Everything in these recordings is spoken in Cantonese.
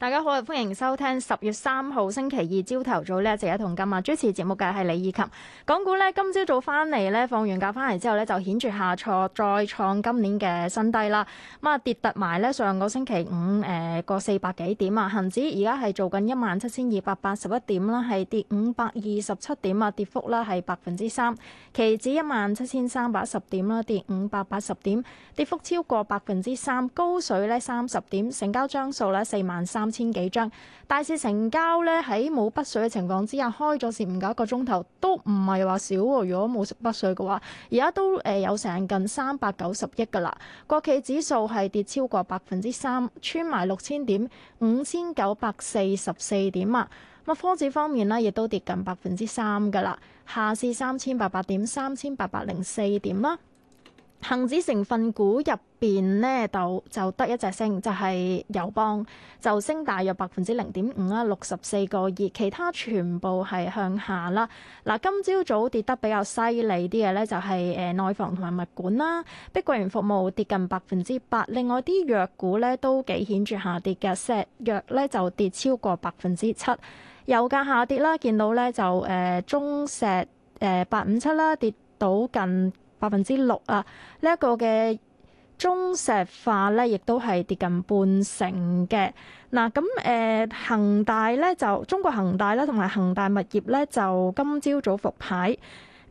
大家好，歡迎收聽十月三號星期二朝頭早呢一節《一桶金》，今日主持節目嘅係李以琴。港股呢，今朝早翻嚟呢，放完假翻嚟之後呢就顯著下挫，再創今年嘅新低啦。咁啊跌突埋呢，上個星期五誒個、呃、四百幾點啊，恒指而家係做緊一萬七千二百八十一點啦，係跌五百二十七點啊，跌幅啦係百分之三。期指一萬七千三百一十點啦，跌五百八十點，跌幅超過百分之三。高水呢三十點，成交張數呢四萬三千幾張。大市成交呢喺冇北水嘅情況之下，開咗市唔夠一個鐘頭都唔係話少喎。如果冇北水嘅話，而家都誒有成近三百九十億噶啦。國企指數係跌超過百分之三，穿埋六千點，五千九百四十四點啊！咁科指方面呢，亦都跌近百分之三噶啦。下市三千八百點，三千八百零四點啦。恒指成分股入邊呢，就就得一隻升，就係、是、友邦，就升大約百分之零點五啦，六十四個二。其他全部係向下啦。嗱、啊，今朝早，早跌得比較犀利啲嘅呢，就係誒內房同埋物管啦。碧桂園服務跌近百分之八，另外啲藥股呢，都幾顯著下跌嘅，石藥呢，就跌超過百分之七。油價下跌啦，見到咧就誒中石誒八五七啦，呃、7，跌到近百分之六啊！呢、這、一個嘅中石化咧，亦都係跌近半成嘅。嗱，咁誒恒大咧就中國恒大啦，同埋恒大物業咧就今朝早復牌。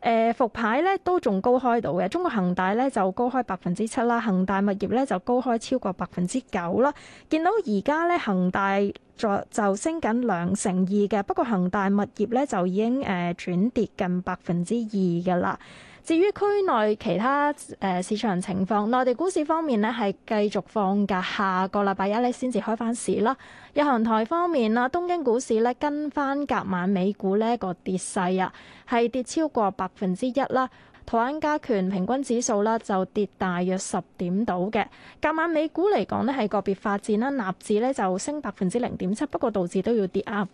誒、呃、復牌咧都仲高開到嘅，中國恒大咧就高開百分之七啦，恒大物業咧就高開超過百分之九啦。見到而家咧恒大就就升緊兩成二嘅，不過恒大物業咧就已經誒、呃、轉跌近百分之二嘅啦。至於區內其他誒、呃、市場情況，內地股市方面咧係繼續放假，下個禮拜一呢先至開翻市啦。日韓台方面啊，東京股市咧跟翻隔晚美股呢個跌勢啊，係跌超過百分之一啦。台灣加權平均指數啦就跌大約十點到嘅。隔晚美股嚟講呢係個別發展啦，納指呢就升百分之零點七，不過道指都要跌啊。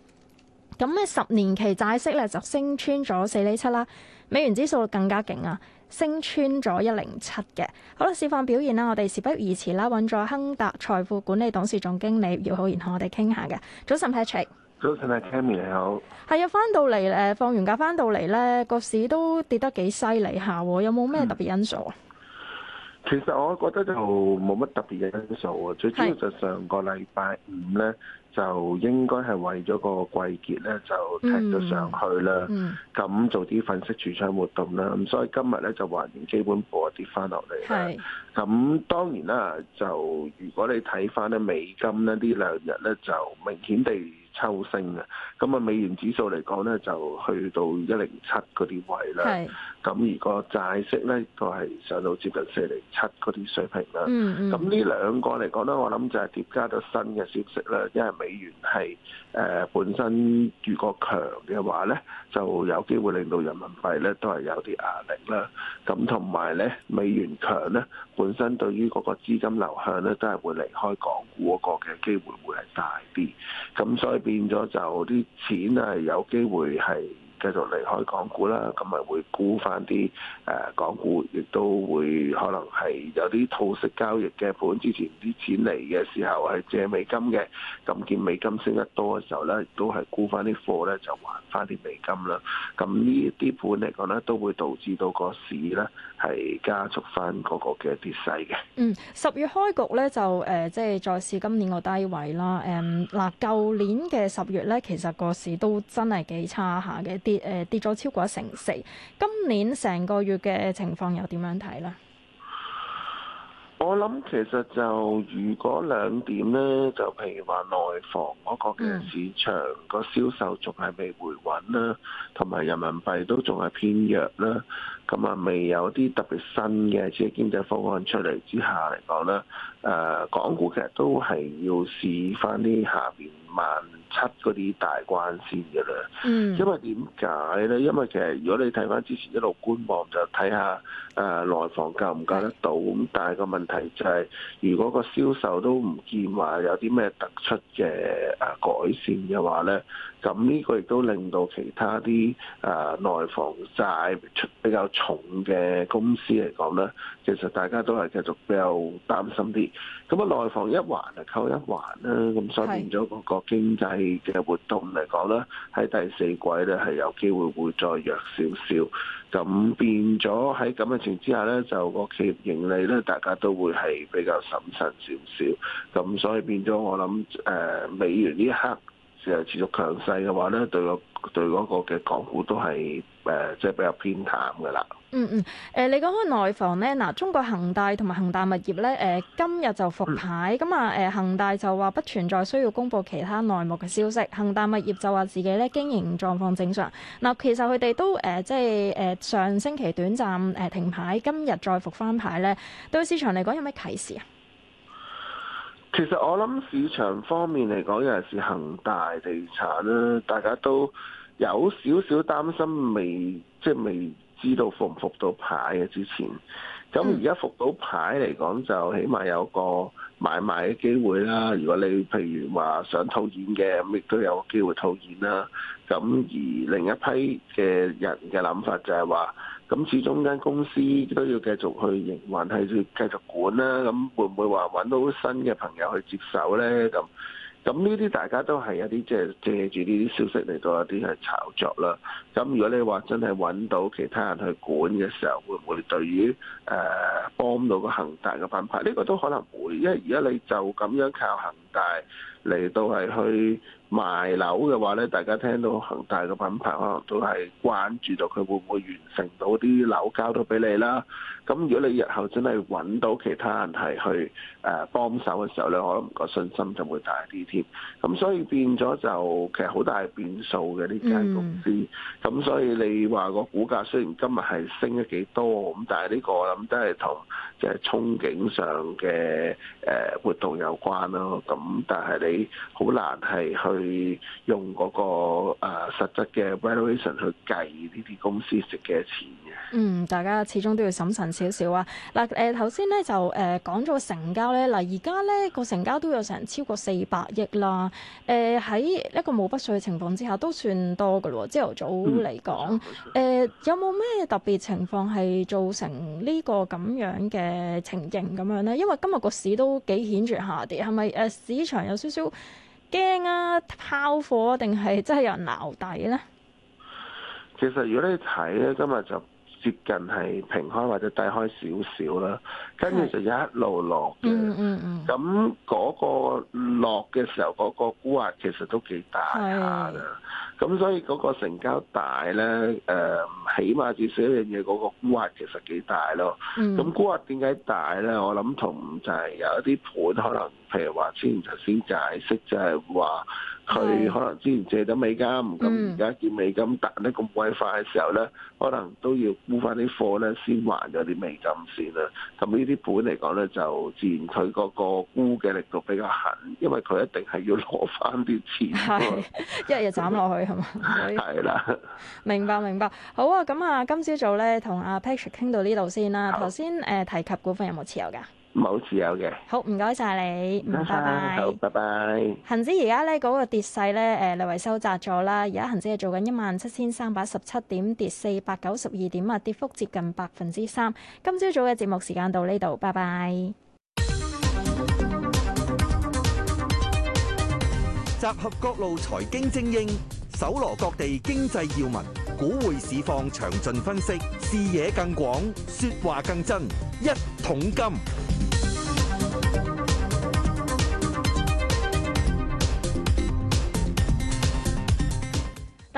咁咧十年期債息咧就升穿咗四厘七啦。美元指數更加勁啊，升穿咗一零七嘅。好啦，示況表現啦，我哋遲不宜遲啦，揾咗亨達財富管理董事總經理姚浩然同我哋傾下嘅。早晨，Patrick。早晨啊 t a m y 你好。係啊，翻到嚟誒，放完假翻到嚟咧，個市都跌得幾犀利下，有冇咩特別因素、嗯？其實我覺得就冇乜特別嘅因素啊，最主要就上個禮拜五咧。就應該係為咗個季結咧，就踢咗上去啦，咁、嗯嗯、做啲粉飾櫥窗活動啦，咁所以今日咧就還原基本步跌翻落嚟啦。咁是、嗯、當然啦，就如果你睇翻咧美金咧，呢兩日咧就明顯地，抽升嘅，咁啊美元指數嚟講咧就去到一零七嗰啲位啦，咁是 而個債息咧都係上到接近四零七嗰啲水平啦。咁呢、嗯嗯、兩個嚟講咧，我諗就係疊加咗新嘅消息啦，因為美元係誒、呃、本身如果強嘅話咧，就有機會令到人民幣咧都係有啲壓力啦。咁同埋咧，美元強咧本身對於嗰個資金流向咧都係會離開港股嗰個嘅機會會係大啲。咁所以。變咗就啲錢係，有機會係繼續離開港股啦，咁咪會沽翻啲誒港股，亦都會可能係有啲套息交易嘅盤。本之前啲錢嚟嘅時候係借美金嘅，咁見美金升得多嘅時候咧，亦都係沽翻啲貨咧，就還翻啲美金啦。咁呢啲盤嚟講咧，都會導致到個市咧係加速翻嗰個嘅跌勢嘅。嗯，十月開局咧就誒，即係再試今年個低位啦。誒、呃，嗱，舊年嘅十月咧，其實個市都真係幾差下嘅。跌誒、呃、跌咗超過一成四，今年成個月嘅情況又點樣睇呢？我諗其實就如果兩點呢，就譬如話內房嗰個嘅市場個、嗯、銷售仲係未回穩啦，同埋人民幣都仲係偏弱啦，咁啊未有啲特別新嘅即係經濟方案出嚟之下嚟講呢。誒、啊、港股其實都係要試翻啲下邊萬七嗰啲大關先嘅啦，嗯、因為點解咧？因為其實如果你睇翻之前一路觀望就，就睇下誒內房夠唔夠得到。咁但係個問題就係、是，如果個銷售都唔見話有啲咩突出嘅誒改善嘅話咧，咁呢個亦都令到其他啲誒內房債比較重嘅公司嚟講咧，其實大家都係繼續比較擔心啲。咁啊，內房一環啊，扣一環啦、啊，咁所以變咗個個經濟嘅活動嚟講咧，喺是第四季咧係有機會會再弱少少，咁變咗喺咁嘅情況之下咧，就個企業盈利咧，大家都會係比較審慎少少，咁所以變咗我諗誒、呃、美元呢一刻，持續強勢嘅話咧，對，對個對嗰個嘅港股都係誒、呃，即係比較偏淡嘅啦、嗯。嗯嗯，誒你講開內房咧，嗱，中國恒大同埋恒大物業咧，誒今日就復牌，咁啊誒恒大就話不存在需要公布其他內幕嘅消息，恒大物業就話自己咧經營狀況正常。嗱、呃，其實佢哋都誒、呃、即係誒、呃、上星期短暫誒停牌，今日再復翻牌咧，對市場嚟講有咩啟示啊？其實我諗市場方面嚟講，尤其係恒大地產啦，大家都有少少擔心未，即係未知道復唔復到牌嘅、啊、之前。咁而家復到牌嚟講，就起碼有個買賣嘅機會啦。如果你譬如話想套現嘅，咁亦都有機會套現啦。咁而另一批嘅人嘅諗法就係話。咁始終間公司都要繼續去營運，係繼續管啦、啊。咁會唔會話揾到新嘅朋友去接手咧？咁咁呢啲大家都係一啲即係借住呢啲消息嚟到一啲去炒作啦。咁如果你話真係揾到其他人去管嘅時候，會唔會對於誒、呃、幫到個恒大嘅品牌？呢、呢個都可能會，因為而家你就咁樣靠恒大。嚟到係去賣樓嘅話咧，大家聽到恒大嘅品牌，可能都係關注到佢會唔會完成到啲樓交到俾你啦。咁如果你日後真係揾到其他人係去誒幫手嘅時候咧，我諗個信心就會大啲添。咁所以變咗就其實好大變數嘅呢間公司。咁所以你話個股價雖然今日係升咗幾多，咁但係呢個我諗都係同即係憧憬上嘅誒活動有關咯。咁但係你，好難係去用嗰個誒實質嘅 valuation 去計呢啲公司值幾多錢嘅。嗯，大家始終都要審慎少少啊。嗱、呃，誒頭先咧就誒講咗成交咧，嗱而家咧個成交都有成超過四百億啦。誒、呃、喺一個冇不稅嘅情況之下，都算多㗎咯。朝頭早嚟講，誒、嗯呃、有冇咩特別情況係造成呢個咁樣嘅情形咁樣咧？因為今日個市都幾顯著下跌，係咪誒市場有少少？驚啊，拋貨定係真係有人撈底呢？其實如果你睇咧，今日就接近係平開或者低開少少啦，跟住就一路落嘅。咁嗰、嗯嗯嗯、個落嘅時候，嗰個沽壓其實都幾大下嘅。咁所以嗰個成交大咧，誒、呃，起碼至少一樣嘢，嗰、嗰個沽壓其實幾大咯。咁沽、嗯、壓點解大咧？我諗同就係有一啲盤，可能譬如話之前頭先解釋，就係話佢可能之前借咗美金，咁而家見美金彈得咁鬼快嘅時候咧，可能都要沽翻啲貨咧，先還咗啲美金先啦。同呢啲盤嚟講咧，就自然佢嗰個沽嘅力度比較狠，因為佢一定係要攞翻啲錢，是 一日日斬落去。 係係啦， 明白明白。好啊，咁啊，今朝早咧同阿 Patrick 傾到呢度先啦。頭先誒提及股份有冇持有㗎？冇持有嘅。好，唔該晒你。拜拜。好，拜拜。恒指而家咧嗰個跌勢咧誒，略、呃、微收窄咗啦。而家恒指係做緊一萬七千三百十七點，跌四百九十二點啊，跌幅接近百分之三。今朝早嘅節目時間到呢度，拜拜。集合各路財經精英。搜羅各地經濟要聞，股匯市況詳盡分析，視野更廣，說話更真，一桶金。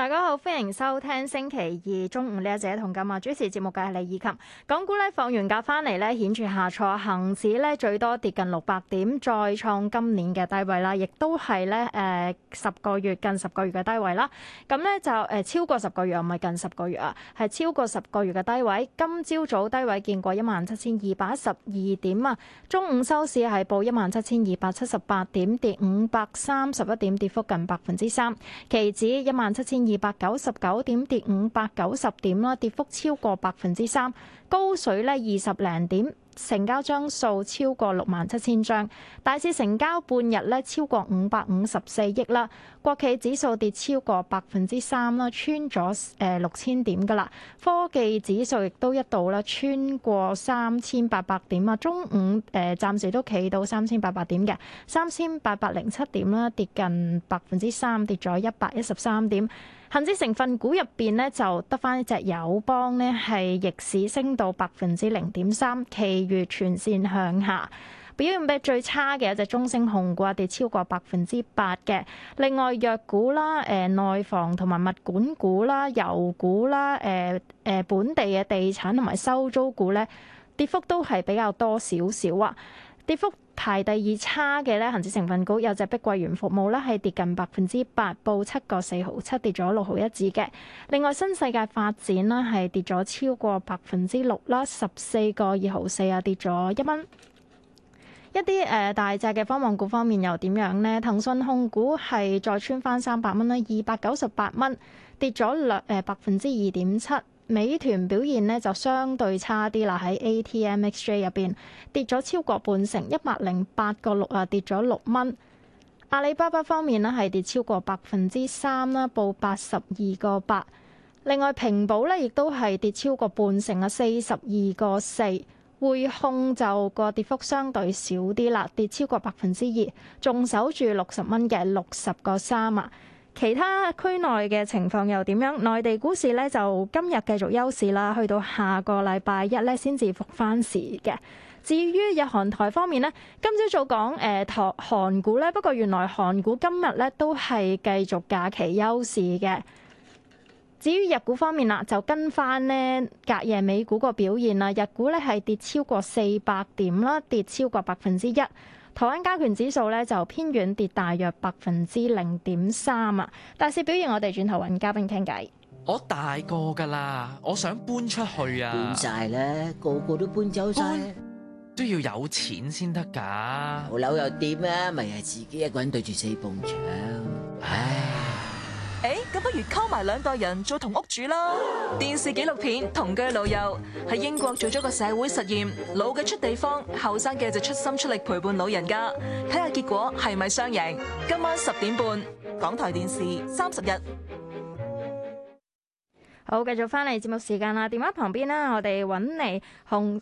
大家好，歡迎收聽星期二中午呢一節《同金話主持節目》嘅係李以琴。港股呢放完假翻嚟呢，顯著下挫，恆指呢最多跌近六百點，再創今年嘅低位啦，亦都係呢誒十個月近十個月嘅低位啦。咁呢就誒、呃、超過十個月，唔係近十個月啊，係超過十個月嘅低位。今朝早，早低位見過一萬七千二百一十二點啊，中午收市係報一萬七千二百七十八點，跌五百三十一點，跌幅近百分之三。期指一萬七千。二百九十九點，跌五百九十點啦，跌幅超過百分之三。高水呢，二十零點，成交張數超過六萬七千張。大市成交半日呢，超過五百五十四億啦。國企指數跌超過百分之三啦，穿咗誒六千點噶啦。科技指數亦都一度咧穿過三千八百點啊。中午誒暫時都企到三千八百點嘅三千八百零七點啦，跌近百分之三，跌咗一百一十三點。恒指成分股入邊咧，就得翻一隻友邦咧，係逆市升到百分之零點三，其餘全線向下表現，比最差嘅一隻中升控股跌超過百分之八嘅。另外，藥股啦，誒、呃、內房同埋物管股啦、油股啦、誒、呃、誒、呃、本地嘅地產同埋收租股咧，跌幅都係比較多少少啊，跌幅。排第二差嘅咧，恆指成分股有隻碧桂園服務咧，係跌近百分之八，報七個四毫七，跌咗六毫一子嘅。另外新世界發展咧係跌咗超過百分之六啦，十四個二毫四啊，跌咗一蚊。一啲誒、呃、大隻嘅方向股方面又點樣呢？騰訊控股係再穿翻三百蚊啦，二百九十八蚊，跌咗兩誒百分之二點七。呃美團表現呢就相對差啲啦，喺 ATMXJ 入邊跌咗超過半成，一百零八個六啊，跌咗六蚊。阿里巴巴方面呢係跌超過百分之三啦，報八十二個八。另外，平保呢亦都係跌超過半成啊，四十二個四。匯控就個跌幅相對少啲啦，跌超過百分之二，仲守住六十蚊嘅六十個三啊。其他區內嘅情況又點樣？內地股市咧就今日繼續休市啦，去到下個禮拜一咧先至復翻市嘅。至於日韓台方面呢，今朝早講誒、呃、韓股咧，不過原來韓股今日咧都係繼續假期休市嘅。至於日股方面啦，就跟翻呢隔夜美股個表現啦，日股咧係跌超過四百點啦，跌超過百分之一。台灣加權指數咧就偏軟跌大約百分之零點三啊。大市表現，我哋轉頭揾嘉賓傾偈。我大個㗎啦，我想搬出去啊！搬晒啦，個個都搬走晒，都要有錢先得㗎。嗯、冇樓又點啊？咪係自己一個人對住四埲牆。唉。誒，咁不如溝埋兩代人做同屋主啦！電視紀錄片《同居老友》喺英國做咗個社會實驗，老嘅出地方，後生嘅就出心出力陪伴老人家，睇下結果係咪雙贏。今晚十點半，港台電視三十日，好繼續翻嚟節目時間啦！電話旁邊啦，我哋揾你，洪。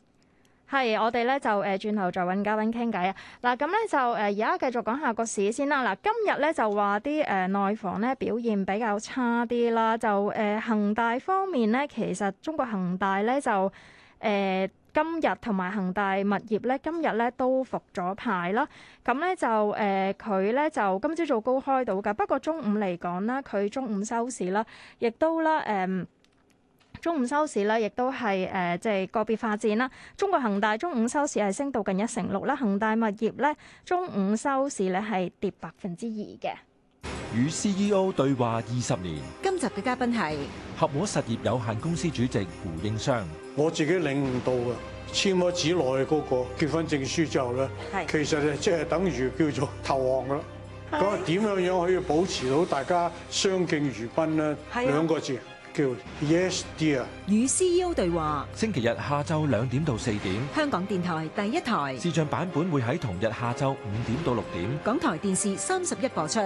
係，我哋咧就誒轉頭再揾嘉賓傾偈啊！嗱，咁咧就誒而家繼續講下個市先啦。嗱，今日咧就話啲誒內房咧表現比較差啲啦。就誒恒大方面咧，其實中國恒大咧就誒、呃、今日同埋恒大物業咧，今日咧都復咗牌啦。咁咧就誒佢咧就今朝早高開到㗎，不過中午嚟講啦，佢中午收市啦，亦都啦誒。呃中午收市咧，亦都係誒即係個別發展啦。中國恒大，中午收市係升到近一成六啦。恒大物業咧，中午收市咧係跌百分之二嘅。與 CEO 對話二十年，今集嘅嘉賓係合和實業有限公司主席胡應湘。我自己領悟到嘅，簽咗紙內嗰個結婚證書之後咧，係是其實，誒即係等於叫做投降啦。咁啊點樣樣可以保持到大家相敬如賓咧，係兩、啊、個字。叫 y 與 CEO 對話。星期日下晝兩點到四點，香港電台第一台視像版本會喺同日下晝五點到六點，港台電視三十一播出。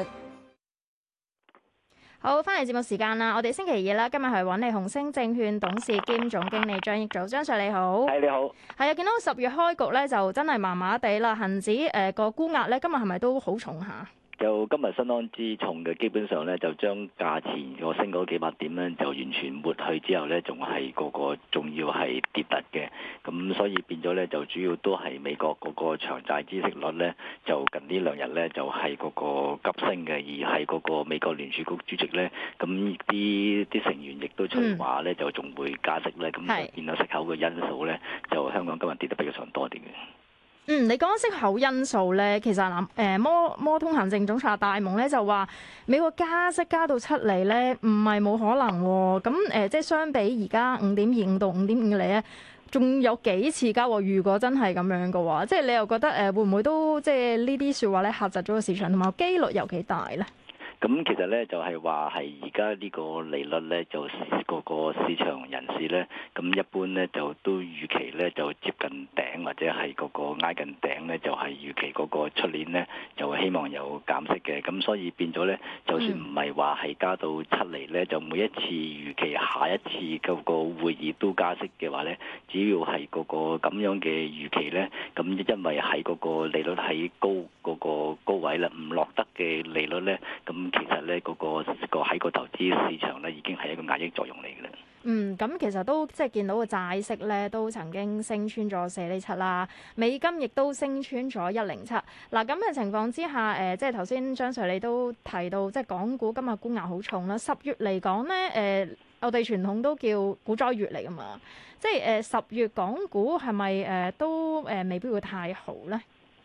好，翻嚟節目時間啦，我哋星期二啦，今日係揾嚟紅星證券董事兼總經理張毅祖，張 Sir，你好。係你好。係啊，見到十月開局咧，就真係麻麻地啦。恒指誒個沽壓咧，今日係咪都好重下、啊？就今日相當之重嘅，基本上咧就將價錢我升嗰幾百點咧，就完全抹去之後咧，仲係、嗰個仲要係跌突嘅，咁所以變咗咧就主要都係美國嗰個長債孳息率咧，就近呢兩日咧就係、是、嗰個急升嘅，而係嗰個美國聯儲局主席咧，咁啲啲成員亦都出嚟話咧、嗯、就仲會加息咧，咁見到息口嘅因素咧，就香港今日跌得比較上多啲嘅。嗯，你講緊息口因素咧，其實嗱，誒、呃、摩摩通行政總裁大蒙咧就話美國加息加到七厘咧，唔係冇可能喎。咁誒、呃，即係相比而家五點二五到五點五厘咧，仲有幾次加喎？如果真係咁樣嘅話，即係你又覺得誒、呃、會唔會都即係呢啲説話咧狹窄咗個市場，同埋機率有幾大咧？咁其實咧就係話係而家呢個利率咧就個個市場人士咧咁一般咧就都預期咧就接近頂或者係個個挨近頂咧就係預期個個出年咧就希望有減息嘅，咁所以變咗咧就算唔係話係加到七厘咧，就每一次預期下一次個個會議都加息嘅話咧，只要係個個咁樣嘅預期咧，咁因為係個個利率喺高嗰個高位啦，唔落得嘅利率咧咁。其實咧，嗰個喺個投資市場咧，已經係一個壓抑作用嚟嘅啦。嗯，咁其實都即係見到個債息咧，都曾經升穿咗四厘七啦，美金亦都升穿咗一零七。嗱、啊，咁嘅情況之下，誒、呃，即係頭先張 Sir 你都提到，即係港股今日沽壓好重啦。十月嚟講咧，誒、呃，我哋傳統都叫股災月嚟㗎嘛。即係誒，十、呃、月港股係咪誒都誒未必會太好咧？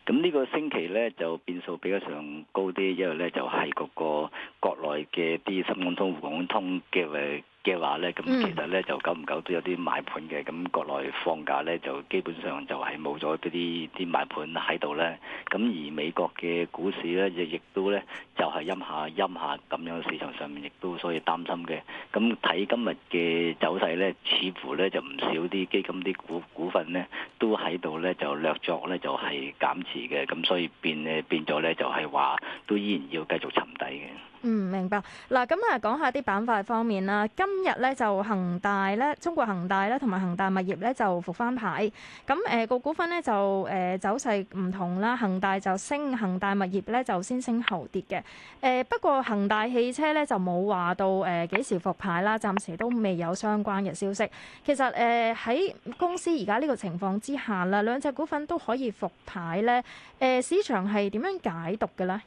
咁呢個星期咧就變數比較上高啲，因為咧就係、是、嗰個國內嘅啲深港通、港通嘅誒。嘅話咧，咁、嗯、其實咧就久唔久都有啲買盤嘅，咁國內放假咧就基本上就係冇咗啲啲啲買盤喺度咧，咁而美國嘅股市咧亦亦都咧就係陰下陰下咁樣，市場上面，亦都所以擔心嘅。咁睇今日嘅走勢咧，似乎咧就唔少啲基金啲股股份咧都喺度咧就略作咧就係減持嘅，咁所以變誒變咗咧就係話都依然要繼續沉底嘅。嗯，明白嗱。咁啊，講下啲板塊方面啦。今日咧就恒大咧，中國恒大咧，同埋恒大物業咧就復翻牌。咁、那、誒個股份咧就誒、呃、走勢唔同啦。恒大就升，恒大物業咧就先升後跌嘅。誒，不過恒大汽車咧就冇話到誒幾時復牌啦，暫時都未有相關嘅消息。其實誒喺、呃、公司而家呢個情況之下啦，兩隻股份都可以復牌咧。誒、呃，市場係點樣解讀嘅咧？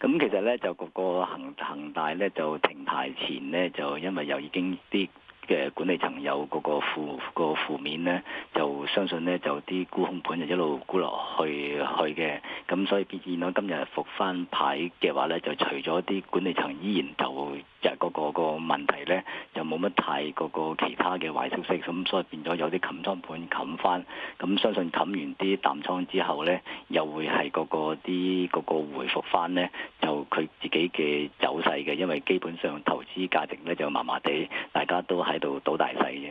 咁、嗯、其實咧，就個恒恒大咧，就停牌前咧，就因為又已經啲嘅管理層有嗰個負個負面呢，就相信呢，就啲沽空盤就一路沽落去去嘅，咁所以見到今日復翻牌嘅話呢，就除咗啲管理層依然就入嗰個個問題咧，就冇乜太嗰個其他嘅壞消息，咁所以變咗有啲冚倉盤冚翻，咁相信冚完啲淡倉之後呢，又會係嗰個啲嗰個嗰個回復翻呢，就佢自己嘅走勢嘅，因為基本上投資價值呢，就麻麻地，大家都係。到大細嘅。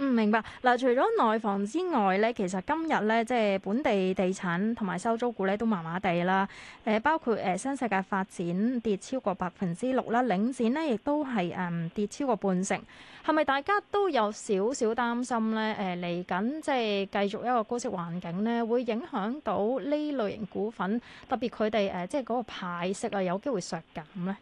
嗯，明白。嗱，除咗內房之外咧，其實今日咧，即係本地地產同埋收租股咧，都麻麻地啦。誒，包括誒新世界發展跌超過百分之六啦，領展咧亦都係誒跌超過半成。係咪大家都有少少擔心咧？誒，嚟緊即係繼續一個高息環境咧，會影響到呢類型股份，特別佢哋誒，即係嗰個派息啊，有機會削減咧？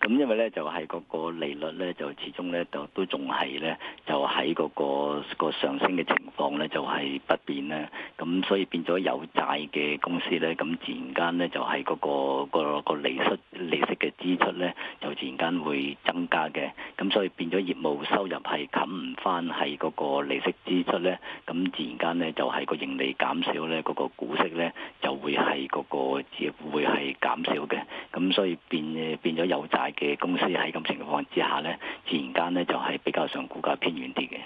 咁因為咧，就係個個利率咧，就始終咧，就都仲係咧，就喺嗰個個上升嘅情況咧，就係不變咧。咁所以變咗有債嘅公司咧，咁自然間咧，就係嗰個嗰個利息利息嘅支出咧，就自然間會增加嘅。咁所以變咗業務收入係冚唔翻係嗰個利息支出咧，咁自然間咧就係個盈利減少咧，嗰個股息咧就會係嗰個會係減少嘅。咁所以變變咗有債嘅公司喺咁情況之下咧，自然間咧就係、是、比較上股價偏遠啲嘅。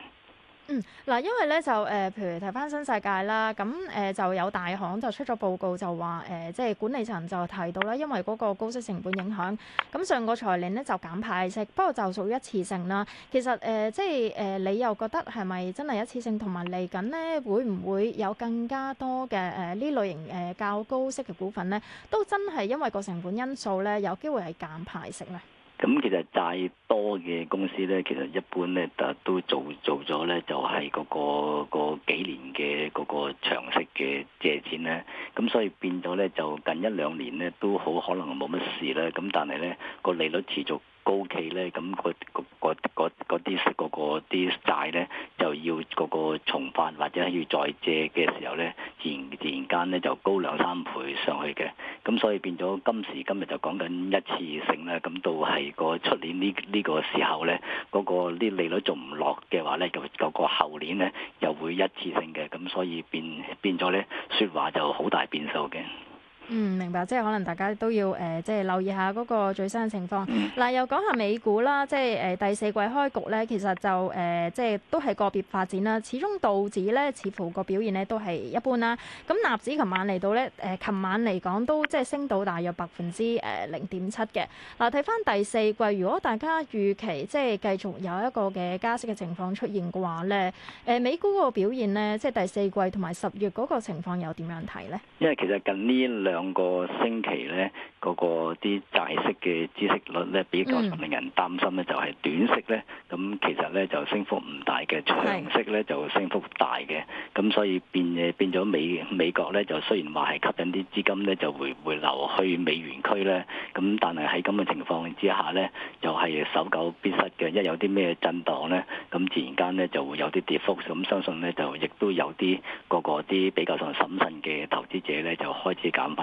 嗯，嗱，因為咧就誒，譬、呃、如睇翻新世界啦，咁誒、呃、就有大行就出咗報告就話誒，即、呃、係、就是、管理層就提到啦，因為嗰個高息成本影響，咁上個財年咧就減派息，不過就屬於一次性啦。其實誒，即係誒，你又覺得係咪真係一次性，同埋嚟緊咧會唔會有更加多嘅誒呢類型誒較高息嘅股份咧，都真係因為個成本因素咧有機會係減派息咧？咁其實債多嘅公司咧，其實一般咧，都做做咗咧，就係嗰個嗰個幾年嘅嗰個長息嘅借錢咧。咁所以變咗咧，就近一兩年咧，都好可能冇乜事啦。咁但係咧，個利率持續高企咧，咁嗰嗰嗰嗰啲嗰啲債咧，就要嗰個重返，或者要再借嘅時候咧，自然自然間咧就高兩三倍上去嘅。咁所以變咗今時今日就講緊一次性啦。咁到係個出年呢呢個時候咧，嗰、嗰個啲利率仲唔落嘅話咧，就、嗰個後年咧又會一次性嘅。咁所以變變咗咧，説話就好大變數嘅。嗯，明白，即係可能大家都要誒、呃，即係留意下嗰個最新嘅情況。嗱、呃，又講下美股啦，即係誒第四季開局咧，其實就誒、呃、即係都係個別發展啦。始終道指咧，似乎個表現咧都係一般啦。咁納指琴晚嚟到咧，誒琴晚嚟講都即係升到大約百分之誒零點七嘅。嗱、呃，睇返第四季，如果大家預期即係繼續有一個嘅加息嘅情況出現嘅話咧，誒、呃、美股個表現咧，即係第四季同埋十月嗰個情況又點樣睇咧？因為其實近呢兩兩個星期呢，嗰個啲債息嘅孳息率呢，比較令人擔心呢，就係短息呢。咁其實呢，就升幅唔大嘅，長息呢就升幅大嘅，咁是所以變嘅變咗美美國呢，就雖然話係吸引啲資金呢，就會回流去美元區呢。咁但係喺咁嘅情況之下呢，就係守久必失嘅，一有啲咩震盪呢，咁自然間呢就會有啲跌幅，咁相信呢，就亦都有啲個個啲比較上審慎嘅投資者呢，就開始減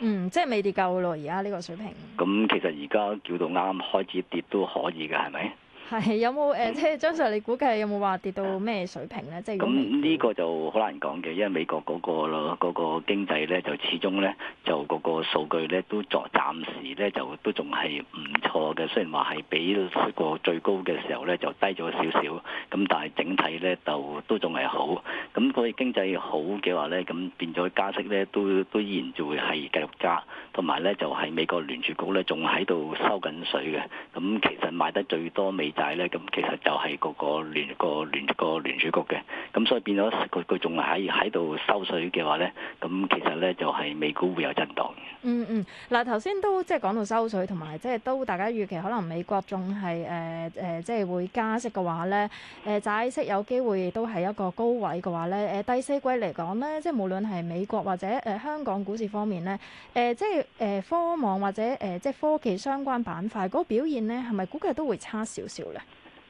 嗯，即係未跌夠咯。而家呢個水平，咁、嗯、其實而家叫到啱開始跌都可以嘅，係咪？係有冇誒、嗯呃，即係張 Sir 你估計有冇話跌到咩水平咧？嗯、即係咁呢個就好難講嘅，因為美國嗰、嗰個咯，嗰、嗰個經濟咧就始終咧。就嗰個數據咧，都作暫時咧就都仲係唔錯嘅。雖然話係比個最高嘅時候咧就低咗少少，咁但係整體咧就都仲係好。咁佢經濟好嘅話咧，咁變咗加息咧都都依然就會係繼續加。同埋咧就係美國聯儲局咧仲喺度收緊水嘅。咁其實賣得最多美債咧，咁其實就係嗰個聯個聯個聯儲局嘅。咁所以變咗佢佢仲係喺度收水嘅話咧，咁其實咧就係美股會有。嗯嗯，嗱、嗯，頭先都即係講到收水，同埋即係都大家預期可能美國仲係誒誒，即、呃、係、就是、會加息嘅話咧，誒、呃、債息有機會都係一個高位嘅話咧，誒、呃、第四季嚟講咧、即、就、係、是、無論係美國或者誒香港股市方面咧，誒即係誒科網或者誒即係科技相關板塊嗰個表現咧，係咪估計都會差少少咧？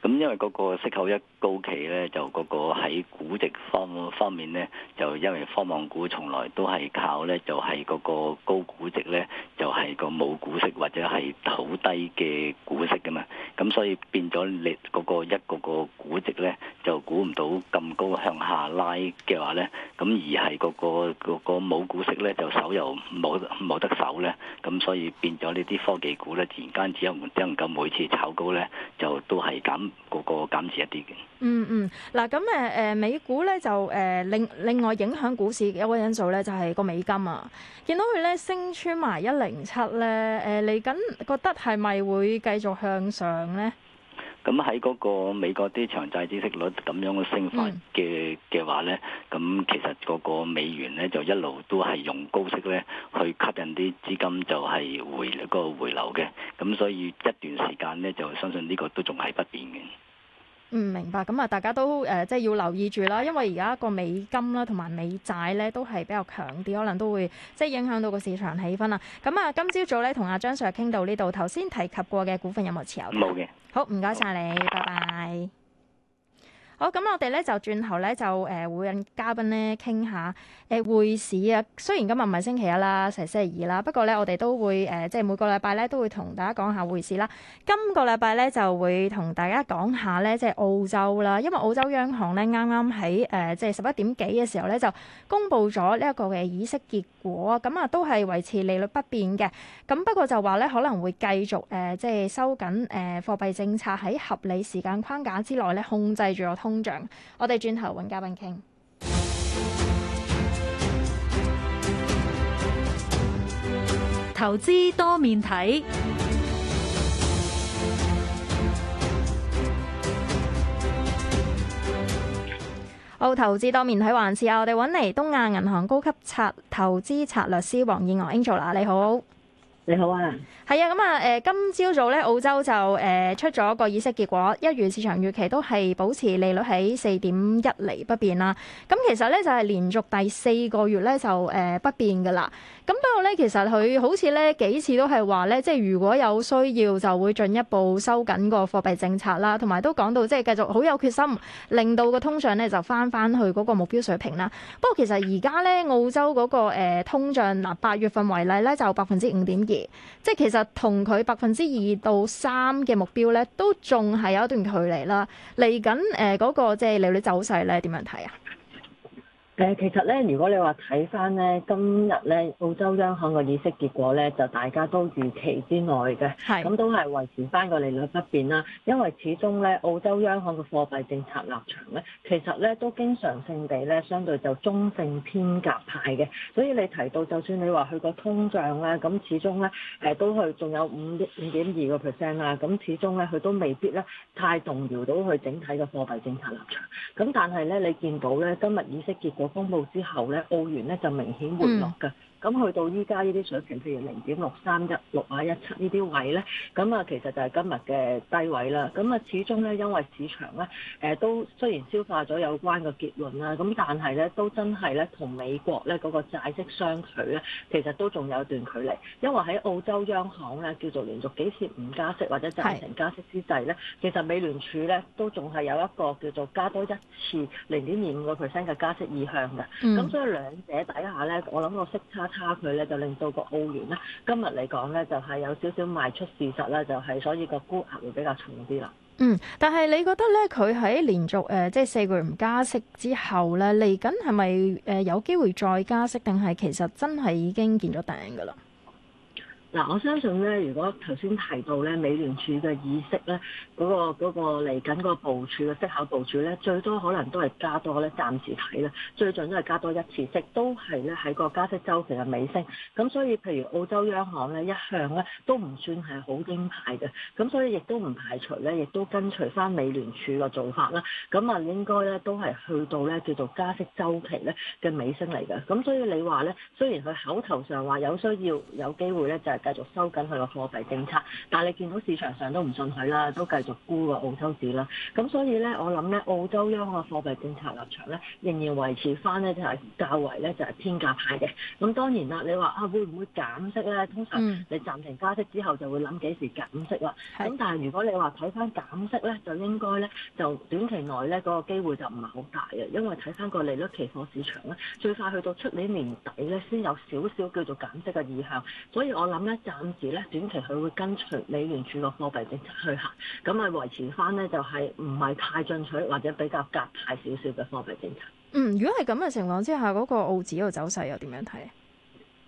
咁因為嗰個息口一高企咧，就嗰個喺估值方方面咧，就因為科網股從來都係靠咧，就係嗰個高估值咧，就係、是、個冇股息或者係好低嘅股息噶嘛。咁所以變咗你嗰個一個個估值咧，就估唔到咁高向下拉嘅話咧，咁而係嗰個嗰個冇股息咧，就手又冇冇得手咧。咁所以變咗呢啲科技股咧，自然間只有唔得能夠每次炒高咧，就都係咁。個個減少一啲嘅，嗯嗯，嗱咁誒誒，美股咧就誒另、呃、另外影響股市嘅一個因素咧就係、是、個美金啊，見到佢咧升穿埋一零七咧，誒嚟緊覺得係咪會繼續向上咧？咁喺嗰個美國啲長債孳息率咁樣嘅升法嘅嘅話呢，咁、嗯、其實嗰個美元呢就一路都係用高息呢去吸引啲資金，就係回嗰回流嘅，咁所以一段時間呢，就相信呢個都仲係不變嘅。唔明白。咁啊，大家都誒、呃、即係要留意住啦，因為而家個美金啦同埋美債咧都係比較強啲，可能都會即係影響到個市場氣氛啦。咁啊，今朝早咧同阿張 Sir 傾到呢度，頭先提及過嘅股份有冇持有？冇嘅的。好，唔該晒你，好拜拜。好，咁、哦、我哋咧就轉頭咧就誒會引嘉賓咧傾下誒匯市啊。雖然今日唔係星期一啦，成星期二啦，不過咧我哋都會誒、呃、即係每個禮拜咧都會同大家講下匯市啦。今個禮拜咧就會同大家講下咧即係澳洲啦，因為澳洲央行咧啱啱喺誒即係十一點幾嘅時候咧就公布咗呢一個嘅議息結果，咁啊都係維持利率不變嘅。咁不過就話咧可能會繼續誒、呃、即係收緊誒貨幣政策喺合理時間框架之內咧控制住個通通，我哋轉頭揾嘉賓傾。投資多面體，好，投資多面體環視啊，我哋揾嚟東亞銀行高級策投資策略師黃燕娥 Angela，你好。你好啊，係啊，咁啊，誒，今朝早咧澳洲就誒出咗個議息結果，一如市場預期都係保持利率喺四點一厘不變啦。咁其實咧就係連續第四個月咧就誒不變噶啦。咁不過咧其實佢好似咧幾次都係話咧，即係如果有需要就會進一步收緊個貨幣政策啦，同埋都講到即係繼續好有決心，令到個通脹咧就返返去嗰個目標水平啦。不過其實而家咧澳洲嗰個通脹嗱八月份為例咧就百分之五點。即係其實同佢百分之二到三嘅目標咧，都仲係有一段距離啦。嚟緊誒嗰個即係利率走勢咧，點樣睇啊？誒，其實咧，如果你話睇翻咧，今日咧澳洲央行嘅議息結果咧，就大家都預期之內嘅，咁的都係維持翻個利率不變啦。因為始終咧，澳洲央行嘅貨幣政策立場咧，其實咧都經常性地咧，相對就中性偏鴿派嘅。所以你提到，就算你話佢個通脹咧，咁始終咧，誒、呃、都係仲有五五點二個 percent 啦。咁始終咧，佢都未必咧太動搖到佢整體嘅貨幣政策立場。咁但係咧，你見到咧今日議息結果。公布之後咧，澳元咧就明顯回落㗎。嗯咁去到依家呢啲水平，譬如零點六三一六啊一七呢啲位呢，咁啊其實就係今日嘅低位啦。咁啊始終呢，因為市場呢誒都雖然消化咗有關嘅結論啦，咁但係呢都真係呢同美國呢嗰個債息相距呢，其實都仲有一段距離。因為喺澳洲央行呢叫做連續幾次唔加息或者暫停加息之際呢，是其實美聯儲呢都仲係有一個叫做加多一次零點二五個 percent 嘅加息意向嘅。咁、嗯、所以兩者底下呢，我諗個息差。差距咧就令到個澳元咧，今日嚟講咧就係有少少賣出事實啦。就係所以個沽壓會比較重啲啦。嗯，但係你覺得咧，佢喺連續誒即係四個月唔加息之後咧，嚟緊係咪誒有機會再加息，定係其實真係已經見咗頂㗎喇？嗱、啊，我相信咧，如果頭先提到咧，美聯儲嘅意識咧，嗰、嗰個嚟緊嗰個部署嘅息口部署咧，最多可能都係加多咧，暫時睇啦。最盡都係加多一次息，都係咧喺個加息週期嘅尾聲。咁所以，譬如澳洲央行咧，一向咧都唔算係好鷹派嘅，咁所以亦都唔排除咧，亦都跟隨翻美聯儲嘅做法啦。咁啊，應該咧都係去到咧叫做加息週期咧嘅尾聲嚟嘅。咁所以你話咧，雖然佢口頭上話有需要、有機會咧，就係、係繼續收緊佢個貨幣政策，但係你見到市場上都唔信佢啦，都繼續沽個澳洲紙啦。咁所以咧，我諗咧，澳洲央行嘅貨幣政策立場咧，仍然維持翻咧就係較為咧就係偏鷹派嘅。咁當然啦，你話啊會唔會減息咧？通常你暫停加息之後就會諗幾時減息啦。咁的但係如果你話睇翻減息咧，就應該咧就短期內咧嗰個機會就唔係好大嘅，因為睇翻個利率期貨市場咧，最快去到出年年底咧先有少少叫做減息嘅意向。所以我諗咧。暫時咧，短期佢會跟隨美聯儲嘅貨幣政策去行，咁啊維持翻咧就係唔係太進取或者比較鴿派少少嘅貨幣政策。嗯，如果係咁嘅情況之下，嗰、那個澳紙嘅走勢又點樣睇？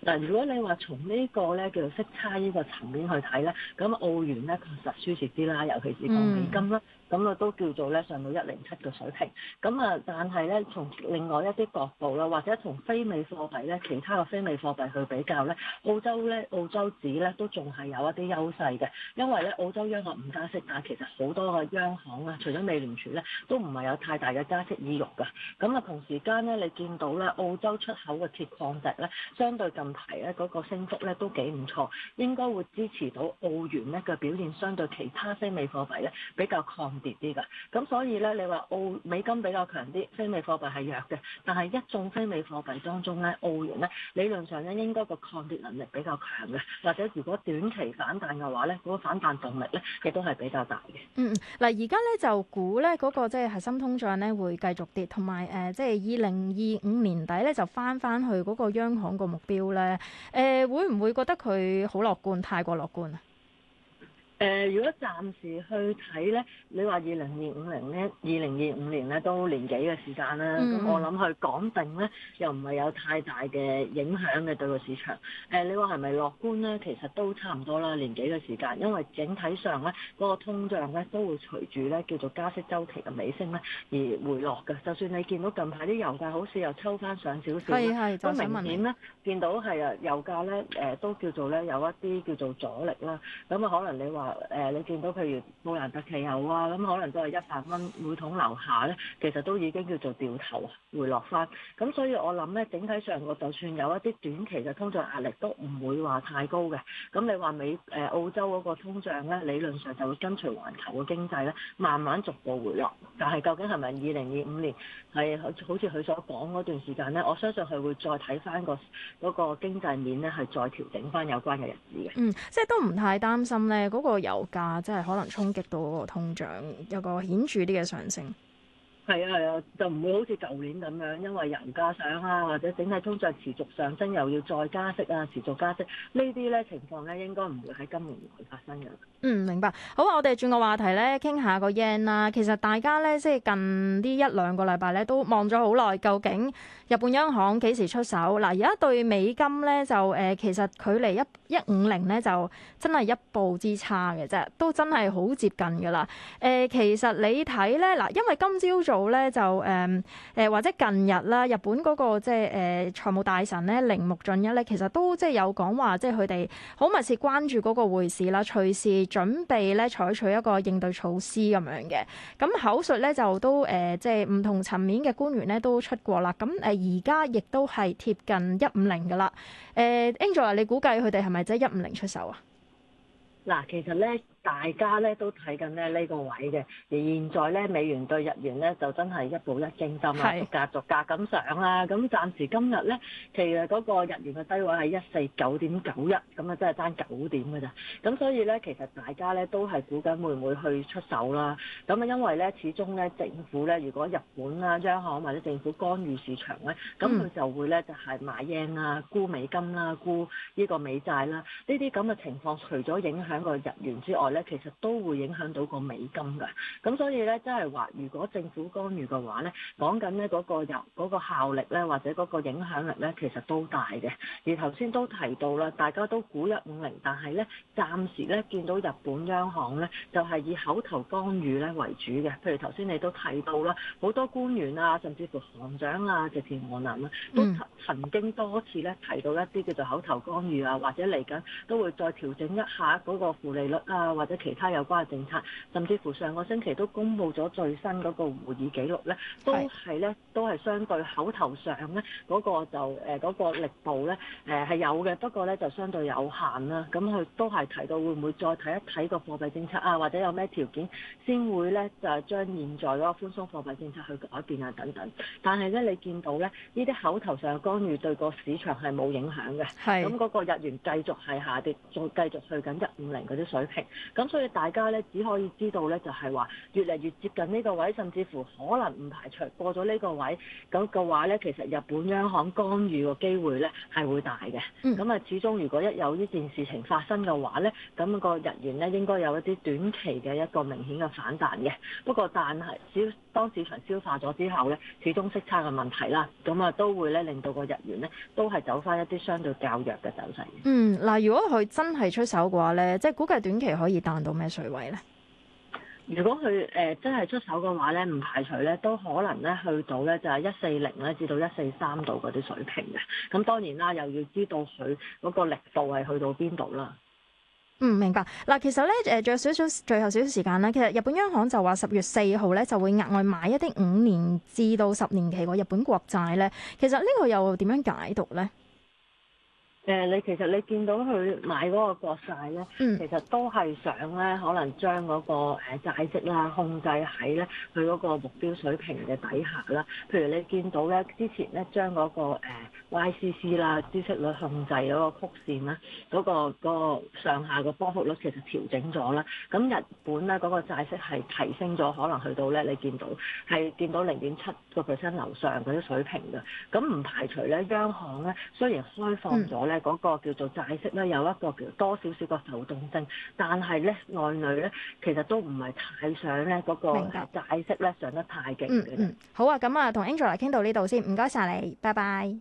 嗱，如果你話從個呢個咧叫做息差呢個層面去睇咧，咁澳元咧確實輸蝕啲啦，尤其是同美金啦、嗯。咁啊都叫做咧上到一零七嘅水平，咁啊但係咧從另外一啲角度啦，或者從非美貨幣咧，其他嘅非美貨幣去比較咧，澳洲咧澳洲紙咧都仲係有一啲優勢嘅，因為咧澳洲央行唔加息，但其實好多嘅央行啊，除咗美聯儲咧，都唔係有太大嘅加息意欲㗎。咁啊同時間咧，你見到咧澳洲出口嘅鐵礦石咧，相對近排咧嗰個升幅咧都幾唔錯，應該會支持到澳元咧嘅表現，相對其他非美貨幣咧比較抗跌啲㗎，咁所以咧，你話澳美金比較強啲，非美貨幣係弱嘅，但係一眾非美貨幣當中咧，澳元咧理論上咧應該個抗跌能力比較強嘅，或者如果短期反彈嘅話咧，嗰個反彈動力咧亦都係比較大嘅。嗯，嗱，而家咧就估咧嗰個即係核心通脹咧會繼續跌，同埋誒即係二零二五年底咧就返返去嗰個央行個目標咧，誒、呃、會唔會覺得佢好樂觀？太過樂觀啊！誒，如果暫時去睇咧，你話二零二五零咧，二零二五年咧都年幾嘅時間啦。嗯、我諗去講定咧，又唔係有太大嘅影響嘅對個市場。誒、呃，你話係咪樂觀咧？其實都差唔多啦，年幾嘅時間，因為整體上咧，嗰個通脹咧都會隨住咧叫做加息周期嘅尾聲咧而回落嘅。就算你見到近排啲油價好似又抽翻上少少，咁明顯咧你見到係啊油價咧誒、呃、都叫做咧有一啲叫做阻力啦。咁啊可能你話？誒，你見到譬如布蘭特汽油啊，咁可能都係一百蚊每桶樓下呢，其實都已經叫做掉頭回落翻。咁所以我諗呢，整體上個就算有一啲短期嘅通脹壓力，都唔會話太高嘅。咁你話美誒澳洲嗰個通脹呢，理論上就會跟隨環球嘅經濟呢，慢慢逐步回落。但係究竟係咪二零二五年？係好似佢所講嗰段時間呢，我相信佢會再睇翻個嗰個經濟面呢，係再調整翻有關嘅日子嘅。嗯，即係都唔太擔心呢嗰個油價，即係可能衝擊到個通脹有個顯著啲嘅上升。係啊，係啊，就唔會好似舊年咁樣，因為油價上啊，或者整體通脹持續上升，又要再加息啊，持續加息呢啲咧情況咧，應該唔會喺今年內發生嘅。嗯，明白。好啊，我哋轉個話題咧，傾下個 yen 啦。其實大家咧，即係近呢一兩個禮拜咧，都望咗好耐，究竟日本央行幾時出手？嗱，而家對美金咧就誒、呃，其實距離一一五零咧就真係一步之差嘅啫，都真係好接近噶啦。誒、呃，其實你睇咧嗱，因為今朝早，到咧就誒誒或者近日啦，日本嗰個即係誒財務大臣咧，鈴木俊一咧，其實都即係有講話，即係佢哋好密切關注嗰個匯市啦，隨時準備咧採取一個應對措施咁樣嘅。咁口述咧就都誒，即係唔同層面嘅官員咧都出過啦。咁誒而家亦都係貼近一五零嘅啦。誒，Angela，你估計佢哋係咪即係一五零出手啊？嗱，其實咧。大家咧都睇緊咧呢個位嘅，而現在咧美元對日元咧就真係一步一驚心，啊是，逐價逐價咁上啦、啊。咁暫時今日咧，其實嗰個日元嘅低位係一四九點九一，咁啊真係爭九點㗎咋。咁所以咧，其實大家咧都係估緊會唔會去出手啦。咁啊，因為咧，始終咧政府咧，如果日本啦、啊、央行或者政府干預市場咧，咁佢、嗯、就會咧就係買 yen、啊、沽美金啦、啊、沽呢個美債啦、啊。呢啲咁嘅情況，除咗影響個日元之外，咧其實都會影響到個美金㗎，咁所以咧真係話，如果政府干預嘅話咧，講緊咧嗰個入嗰個效力咧，或者嗰個影響力咧，其實都大嘅。而頭先都提到啦，大家都估一五零，但係咧暫時咧見到日本央行咧就係以口頭干預咧為主嘅。譬如頭先你都提到啦，好多官員啊，甚至乎行長啊嘅電話啦，都曾經多次咧提到一啲叫做口頭干預啊，或者嚟緊都會再調整一下嗰個負利率啊。或者其他有關嘅政策，甚至乎上個星期都公布咗最新嗰個會議記錄咧，都係咧，都係相對口頭上咧嗰個就誒嗰個力度咧誒係有嘅，不過咧就相對有限啦。咁佢都係提到會唔會再睇一睇個貨幣政策啊，或者有咩條件先會咧就將現在嗰個寬鬆貨幣政策去改變啊等等。但係咧你見到咧呢啲口頭上嘅干預對個市場係冇影響嘅，咁嗰是個日元繼續係下跌，再繼續去緊一五零嗰啲水平。咁所以大家咧只可以知道咧，就係話越嚟越接近呢個位，甚至乎可能唔排除過咗呢個位，咁嘅話咧，其實日本央行干預個機會咧係會大嘅。咁啊，始終如果一有呢件事情發生嘅話咧，咁個日元咧應該有一啲短期嘅一個明顯嘅反彈嘅。不過但係只要當市場消化咗之後呢，始終息差嘅問題啦，咁啊都會咧令到個日元呢都係走翻一啲相對較弱嘅走勢。嗯，嗱，如果佢真係出手嘅話呢，即係估計短期可以彈到咩水位呢？如果佢誒、呃、真係出手嘅話呢，唔排除呢都可能咧去到呢就係一四零咧至到一四三度嗰啲水平嘅。咁當然啦，又要知道佢嗰個力度係去到邊度啦。唔、嗯、明白嗱，其實咧，誒，仲有少少最後少少時間啦。其實日本央行就話十月四號咧就會額外買一啲五年至到十年期嘅日本國債咧。其實呢個又點樣解讀咧？誒，你其實你見到佢買嗰個國債咧，嗯、其實都係想咧，可能將嗰個誒債息啦控制喺咧佢嗰個目標水平嘅底下啦。譬如你見到咧，之前咧將嗰個 YCC 啦，孳息率控制嗰個曲線啦，嗰、嗰個嗰個上下個波幅率其實調整咗啦。咁日本咧嗰、嗰個債息係提升咗，可能去到咧你見到係見到零點七個 percent 樓上嗰啲水平㗎。咁唔排除咧，央行咧雖然開放咗咧。嗯嗰個叫做債息咧，有一個叫多少少個浮動性，但係咧外女咧，其實都唔係太想咧嗰個債息咧上得太勁嘅。嗯。嗯，好啊，咁啊，同 Angel 嚟傾到呢度先，唔該晒你，拜拜。